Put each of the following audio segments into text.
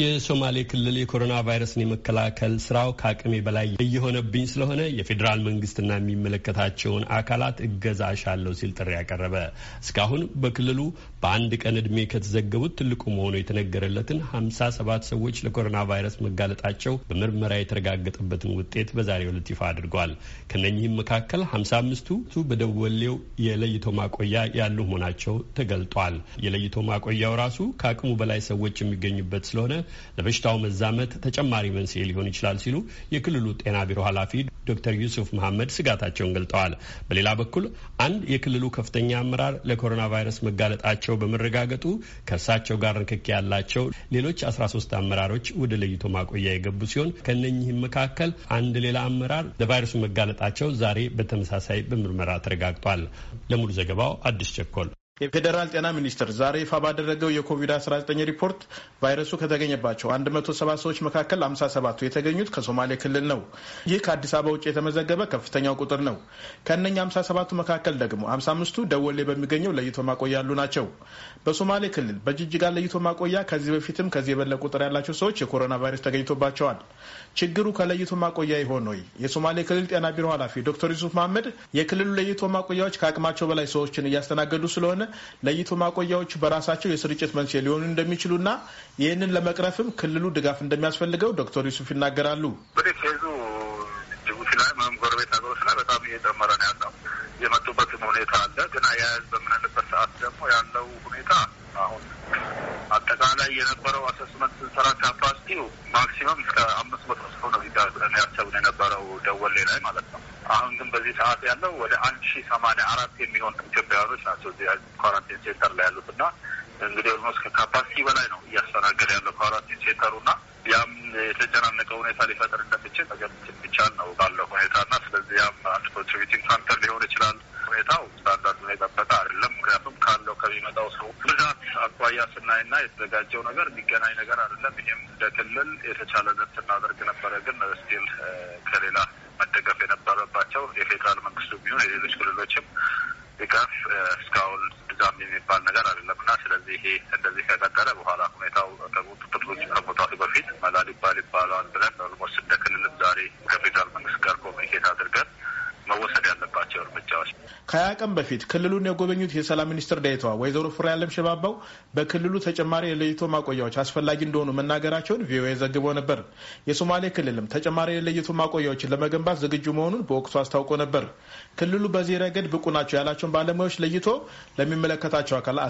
የሶማሌ ክልል የኮሮና ቫይረስን የመከላከል ስራው ከአቅሜ በላይ እየሆነብኝ ስለሆነ የፌዴራል መንግስትና የሚመለከታቸውን አካላት እገዛ እሻለሁ ሲል ጥሪ ያቀረበ እስካሁን በክልሉ በአንድ ቀን እድሜ ከተዘገቡት ትልቁ መሆኑ የተነገረለትን ሀምሳ ሰባት ሰዎች ለኮሮና ቫይረስ መጋለጣቸው በምርመራ የተረጋገጠበትን ውጤት በዛሬው ዕለት ይፋ አድርጓል። ከነኚህም መካከል ሀምሳ አምስቱ በደወሌው የለይቶ ማቆያ ያሉ መሆናቸው ተገልጧል። የለይቶ ማቆያው ራሱ ከአቅሙ በላይ ሰዎች የሚገኙበት ስለሆነ ለበሽታው መዛመት ተጨማሪ መንስኤ ሊሆን ይችላል ሲሉ የክልሉ ጤና ቢሮ ኃላፊ ዶክተር ዩሱፍ መሐመድ ስጋታቸውን ገልጠዋል። በሌላ በኩል አንድ የክልሉ ከፍተኛ አመራር ለኮሮና ቫይረስ መጋለጣቸው በመረጋገጡ ከእርሳቸው ጋር ንክኪ ያላቸው ሌሎች 13 አመራሮች ወደ ለይቶ ማቆያ የገቡ ሲሆን ከነኚህም መካከል አንድ ሌላ አመራር ለቫይረሱ መጋለጣቸው ዛሬ በተመሳሳይ በምርመራ ተረጋግጧል። ለሙሉ ዘገባው አዲስ ቸኮል የፌዴራል ጤና ሚኒስቴር ዛሬ ይፋ ባደረገው የኮቪድ-19 ሪፖርት ቫይረሱ ከተገኘባቸው 170 ሰዎች መካከል 57ቱ የተገኙት ከሶማሌ ክልል ነው። ይህ ከአዲስ አበባ ውጭ የተመዘገበ ከፍተኛው ቁጥር ነው። ከእነኛ 57ቱ መካከል ደግሞ 55ቱ ደወሌ በሚገኘው ለይቶ ማቆያ ያሉ ናቸው። በሶማሌ ክልል በጅጅጋ ለይቶ ማቆያ ከዚህ በፊትም ከዚህ የበለጠ ቁጥር ያላቸው ሰዎች የኮሮና ቫይረስ ተገኝቶባቸዋል። ችግሩ ከለይቶ ማቆያ ይሆን ወይ? የሶማሌ ክልል ጤና ቢሮ ኃላፊ ዶክተር ዩሱፍ መሀመድ የክልሉ ለይቶ ማቆያዎች ከአቅማቸው በላይ ሰዎችን እያስተናገዱ ስለሆነ ለይቶ ማቆያዎች በራሳቸው የስርጭት መንስኤ ሊሆኑ እንደሚችሉና ይህንን ለመቅረፍም ክልሉ ድጋፍ እንደሚያስፈልገው ዶክተር ዩሱፍ ይናገራሉ። ጅቡቲ ላይ ጎረቤት ሀገሮች ላይ በጣም እየጨመረ ነው ያለው። የመጡበትም ሁኔታ አለ። ግን አያያዝ በምንልበት ሰዓት ደግሞ ያለው ሁኔታ አሁን አጠቃላይ የነበረው አሰስመንት ስንሰራ ካፓሲቲው ማክሲመም እስከ አምስት መቶ ሰው ነው ያሰብን የነበረው ደወሌ ላይ ማለት ነው አሁን ግን በዚህ ሰዓት ያለው ወደ አንድ ሺ ሰማንያ አራት የሚሆን ኢትዮጵያውያኖች ናቸው እዚህ ኳራንቲን ሴንተር ላይ ያሉት እና እንግዲህ ኦልሞስ ከካፓሲቲ በላይ ነው እያስተናገደ ያለው ኳራንቲን ሴንተሩ እና ያም የተጨናነቀ ሁኔታ ሊፈጥር እንደሚችል መገመት የሚቻል ነው ባለው ሁኔታ እና ስለዚህ ያም አንድ ኮንትሪቢቲንግ ፋክተር ሊሆን ይችላል። ሁኔታው ስታንዳርድ ላይ ጠበቀ አይደለም። ምክንያቱም ካለው ከሚመጣው ሰው ብዛት አኳያ ስናይና የተዘጋጀው ነገር የሚገናኝ ነገር አይደለም። ይህም እንደ ክልል የተቻለንን ስናደርግ ነበረ፣ ግን ስቲል ከሌላ መደገፍ የነበረባቸው የፌዴራል መንግስቱ ቢሆን የሌሎች ክልሎችም ድጋፍ እስካሁን ድጋም የሚባል ነገር አይደለም እና ስለዚህ ይሄ እንደዚህ ከቀጠለ በኋላ ሁኔታው ቁጥጥር ውጭ ከመውጣቱ በፊት መላ ሊባል ይባለዋል ብለን ከሀያ ቀን በፊት ክልሉን የጎበኙት የሰላም ሚኒስትር ዴኤታዋ ወይዘሮ ፍሬያለም ሸባባው በክልሉ ተጨማሪ የለይቶ ማቆያዎች አስፈላጊ እንደሆኑ መናገራቸውን ቪኦኤ ዘግቦ ነበር። የሶማሌ ክልልም ተጨማሪ የለይቶ ማቆያዎችን ለመገንባት ዝግጁ መሆኑን በወቅቱ አስታውቆ ነበር። ክልሉ በዚህ ረገድ ብቁ ናቸው ያላቸውን ባለሙያዎች ለይቶ ለሚመለከታቸው አካል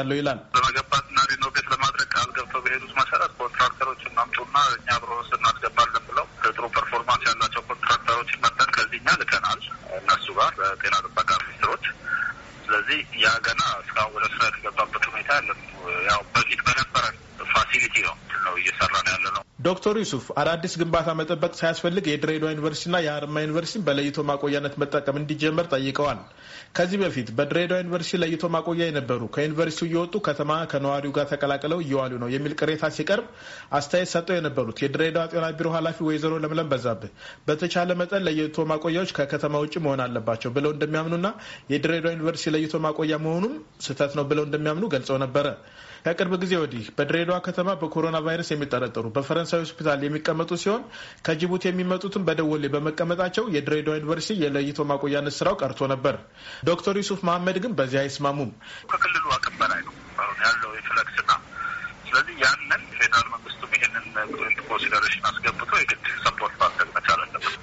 ያለው ይላል። ለመገንባትና ሪኖቬት ለማድረግ ቃል ገብተው በሄዱት መሰረት ኮንትራክተሮችን አምጡና እኛ ብሮ ስናስገባ ዶክተር ዩሱፍ አዳዲስ ግንባታ መጠበቅ ሳያስፈልግ የድሬዳዋ ዩኒቨርሲቲና የሀረማያ ዩኒቨርሲቲ በለይቶ ማቆያነት መጠቀም እንዲጀመር ጠይቀዋል። ከዚህ በፊት በድሬዳዋ ዩኒቨርሲቲ ለይቶ ማቆያ የነበሩ ከዩኒቨርሲቲው እየወጡ ከተማ ከነዋሪው ጋር ተቀላቅለው እየዋሉ ነው የሚል ቅሬታ ሲቀርብ አስተያየት ሰጥተው የነበሩት የድሬዳዋ ጤና ቢሮ ኃላፊ ወይዘሮ ለምለም በዛብህ በተቻለ መጠን ለይቶ ማቆያዎች ከከተማ ውጭ መሆን አለባቸው ብለው እንደሚያምኑና የድሬዳዋ ዩኒቨርሲቲ ለይቶ ማቆያ መሆኑም ስህተት ነው ብለው እንደሚያምኑ ገልጸው ነበረ። ከቅርብ ጊዜ ወዲህ በድሬዳዋ ከተማ በኮሮና ቫይረስ የሚጠረጠሩ በፈረንሳይ ሆስፒታል የሚቀመጡ ሲሆን ከጅቡቲ የሚመጡትም በደወሌ በመቀመጣቸው የድሬዳዋ ዩኒቨርሲቲ የለይቶ ማቆያነት ስራው ቀርቶ ነበር። ዶክተር ዩሱፍ መሀመድ ግን በዚህ አይስማሙም። ከክልሉ አቅም በላይ ነው አሁን ያለው የፍለክስ ና ስለዚህ ያንን ፌዴራል መንግስቱም ይህንን ኮንሲደሬሽን አስገብቶ የግድ ሰፖርት ማድረግ መቻል አለበት።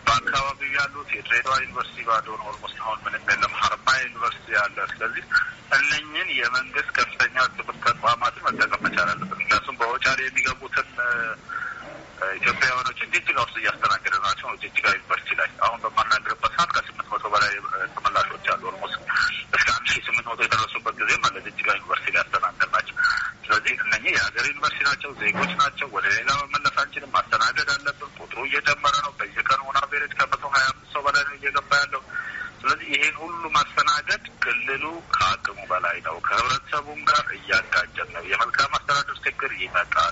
ያሉት የድሬዳዋ ዩኒቨርሲቲ ባዶ ነው። ኦልሞስት አሁን ምንም የለም። ሀርባ ዩኒቨርሲቲ አለ። ስለዚህ እነኝን የመንግስት ከፍተኛ ትምህርት ተቋማት መጠቀም መቻል አለበት። ምክንያቱም በወጫሌ የሚገቡትን ኢትዮጵያውያኖችን ጅጅጋ ውስጥ እያስተናገደ ናቸው ነው ጅጅጋ ዩኒቨርሲቲ የሀገር ዩኒቨርሲቲ ናቸው፣ ዜጎች ናቸው። ወደ ሌላ መመለስ አንችልም። ማስተናገድ አለብን። ቁጥሩ እየጨመረ ነው። በየቀኑ ቤሬት ከመቶ ሀያ አምስት ሰው በላይ ነው እየገባ ያለው። ስለዚህ ይህን ሁሉ ማስተናገድ ክልሉ ከአቅሙ በላይ ነው። ከህብረተሰቡም ጋር እያጋጨን ነው። የመልካም አስተዳደር ችግር ይመጣል።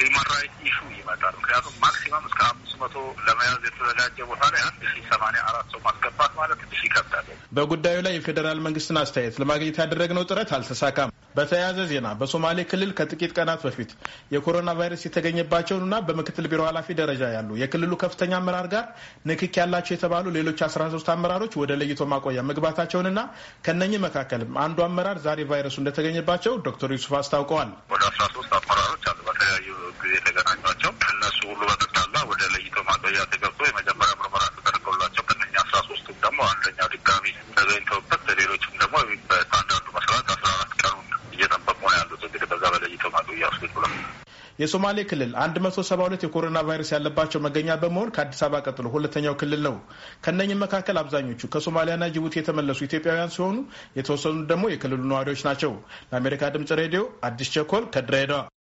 ሂውማን ራይት ኢሹ ይመጣል። ምክንያቱም ማክሲመም እስከ አምስት መቶ ለመያዝ የተዘጋጀ ቦታ ላይ አንድ ሺ ሰማንያ አራት ሰው ማስገባት ማለት ትንሽ ይከብዳል። በጉዳዩ ላይ የፌዴራል መንግስትን አስተያየት ለማግኘት ያደረግነው ጥረት አልተሳካም። በተያያዘ ዜና በሶማሌ ክልል ከጥቂት ቀናት በፊት የኮሮና ቫይረስ የተገኘባቸውንና በምክትል ቢሮ ኃላፊ ደረጃ ያሉ የክልሉ ከፍተኛ አመራር ጋር ንክክ ያላቸው የተባሉ ሌሎች 13 አመራሮች ወደ ለይቶ ማቆያ መግባታቸውንና ከነኚህ መካከልም አንዱ አመራር ዛሬ ቫይረሱ እንደተገኘባቸው ዶክተር ዩሱፍ አስታውቀዋል። ወደ 13 አመራሮች አሉ በተለያዩ ጊዜ የተገናኟቸው እነሱ ሁሉ በጠቅላላ ወደ ለይቶ ማቆያ ተገብቶ የመጀመሪያ ምርመራ ተደርገውላቸው ከነኛ 13ቱም ደግሞ አንደኛው ድጋሚ ተገኝተውበት የሶማሌ ክልል 172 የኮሮና ቫይረስ ያለባቸው መገኛ በመሆን ከአዲስ አበባ ቀጥሎ ሁለተኛው ክልል ነው። ከነኝም መካከል አብዛኞቹ ከሶማሊያና ጅቡቲ የተመለሱ ኢትዮጵያውያን ሲሆኑ የተወሰኑት ደግሞ የክልሉ ነዋሪዎች ናቸው። ለአሜሪካ ድምጽ ሬዲዮ አዲስ ቸኮል ከድሬዳዋ